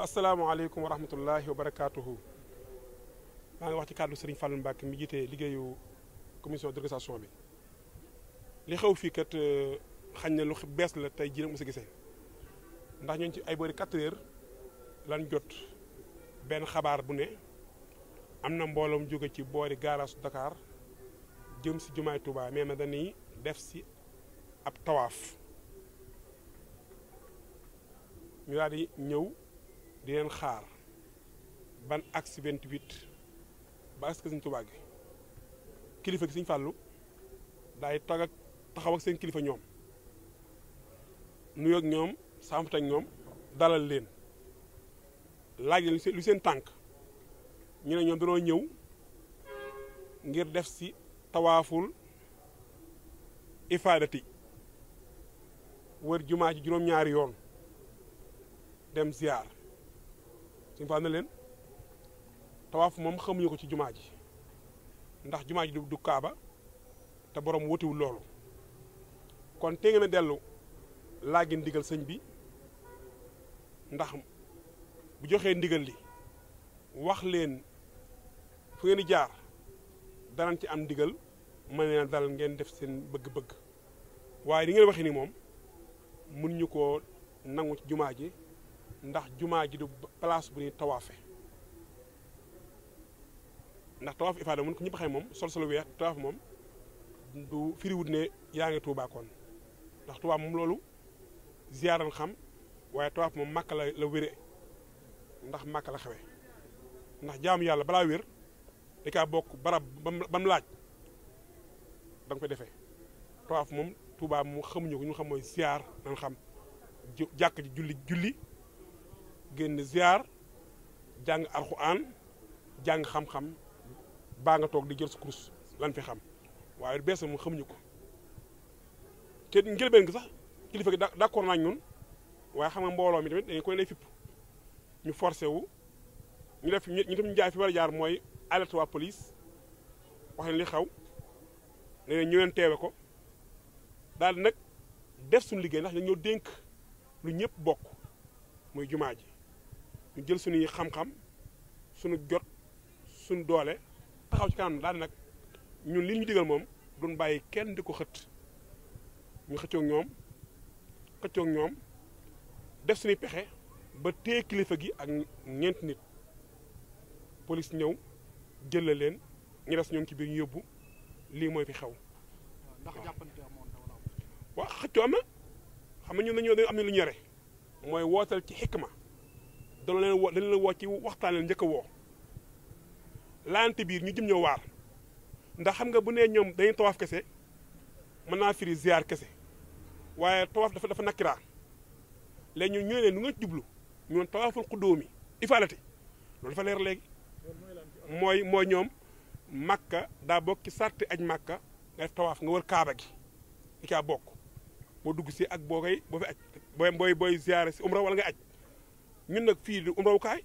waa asalaamaaleykum wa rahmatullahi wa barakaatuhu maa ngi wax ci kàddu Serigne Fallou Mbacke mi jiite liggéeyu commission d'organisation bi li xew fii kat euh, xañ na lu bees la tey jii nag mos gisee ndax ñooñu ci ay boori 4 lan jot benn xabaar bu ne am na mbooloom jóge ci boori garage Dakar jëm si jumaay Touba mais na dañuy def si ab tawaaf ñu daal ñëw. di leen xaar ban axe 28 ba axe kilifa gi Sëñ Fàllu daay toog ak taxaw ak seen kilifa ñoom nuyoog ñoom sàmmte ak ñoom dalal leen laaj leen lu seen tànk ñu ne ñoom danoo ñëw ngir def si tawaaful ifaadati wër jumaa ci juróom-ñaari yoon dem ziar suñu faa ne leen tawaaf moom xamuñu ko ci jumaa ji ndax jumaa ji du kaaba te boroom wutiwul loolu kon te ngeen dellu laa gi ndigal sëñ bi ndax bu joxee ndigal li wax leen fu ngeen di jaar danañ ci am ndigal mën na dal ngeen def seen bëgg-bëgg waaye li ngeen waxee ni moom mën ñu koo nangu ci jumaa ji ndax jumaa ji du place bu ñuy tawaafe ndax tawaaf ifaada mun ko ñëpp xam moom sol solu weex tawaaf moom du firiwut ne yaa ngi Tuubaa kon ndax Tuubaa moom loolu ziyaaran xam waaye tawaaf moom màkk la la wére ndax màkk la xewe ndax jaamu yàlla balaa wér da kaa bokk barab ba mu laaj da koy defe tawaaf moom Tuubaa moom xamuñu ko ñu xam mooy ziyaar nan xam jàkk julli julli génn ziar jàng alxuraan jàng xam-xam baa nga toog di jël sa kurus lañ fi xam waaye bees moom xamuñu ko te njëlbeen gi sax kilifa gi da d'accord nañ ñun waaye xam nga mbooloo mi tamit dañu koy lay fipp ñu forcé wu ñu def ñu tam jaay fi war a jaar mooy alerte waa police wax leen li xaw ne leen teewe ko daal nag def suñu liggéey ndax dañoo dénk lu ñëpp bokk muy jumaa ji jël suñuy xam-xam suñu jot suñu doole taxaw ci kanam daal nag ñun li ñu digal moom duñ bàyyi kenn di ko xët ñu xëccoog ñoom xëccoog ñoom def suñuy pexe ba téye kilifa gi ak ñeent nit police ñëw jël la leen ñu des ñoom ci biir ñu yóbbu lii mooy fi xew. ndax jàppante amoon na xëccoo am xam nga ñun dañoo am na lu ñu mooy wootal ci xikma. dana leen woo dañ leen woo ci waxtaan leen njëkk a woo laante biir ñu jim ñoo waar ndax xam nga bu nee ñoom dañuy tawaaf kese mën naa firi ziar kese waaye tawaaf dafa dafa nakkiraa léegi ñu ñëw leen nu nga jublu ñu doon tawaaful xuddóomi ifaalati loolu dafa leer léegi mooy mooy ñoom màkka daa bokk ci sarti aj màkka nga def tawaaf nga wër kaaba gi di caa bokk boo dugg si ak boo koy boo fi aj booy booy booy si umra wala nga aj ñun nag fii du umbawukaay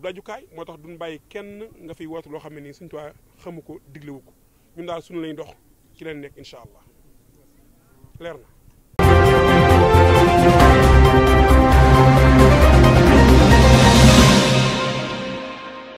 du ajukaay moo tax duñ bàyyi kenn nga fiy woote loo xam ne nii suñu tuwaa xamu ko diglewu ko ñun daal suñu lañ dox ci leen nekk incha allah leer na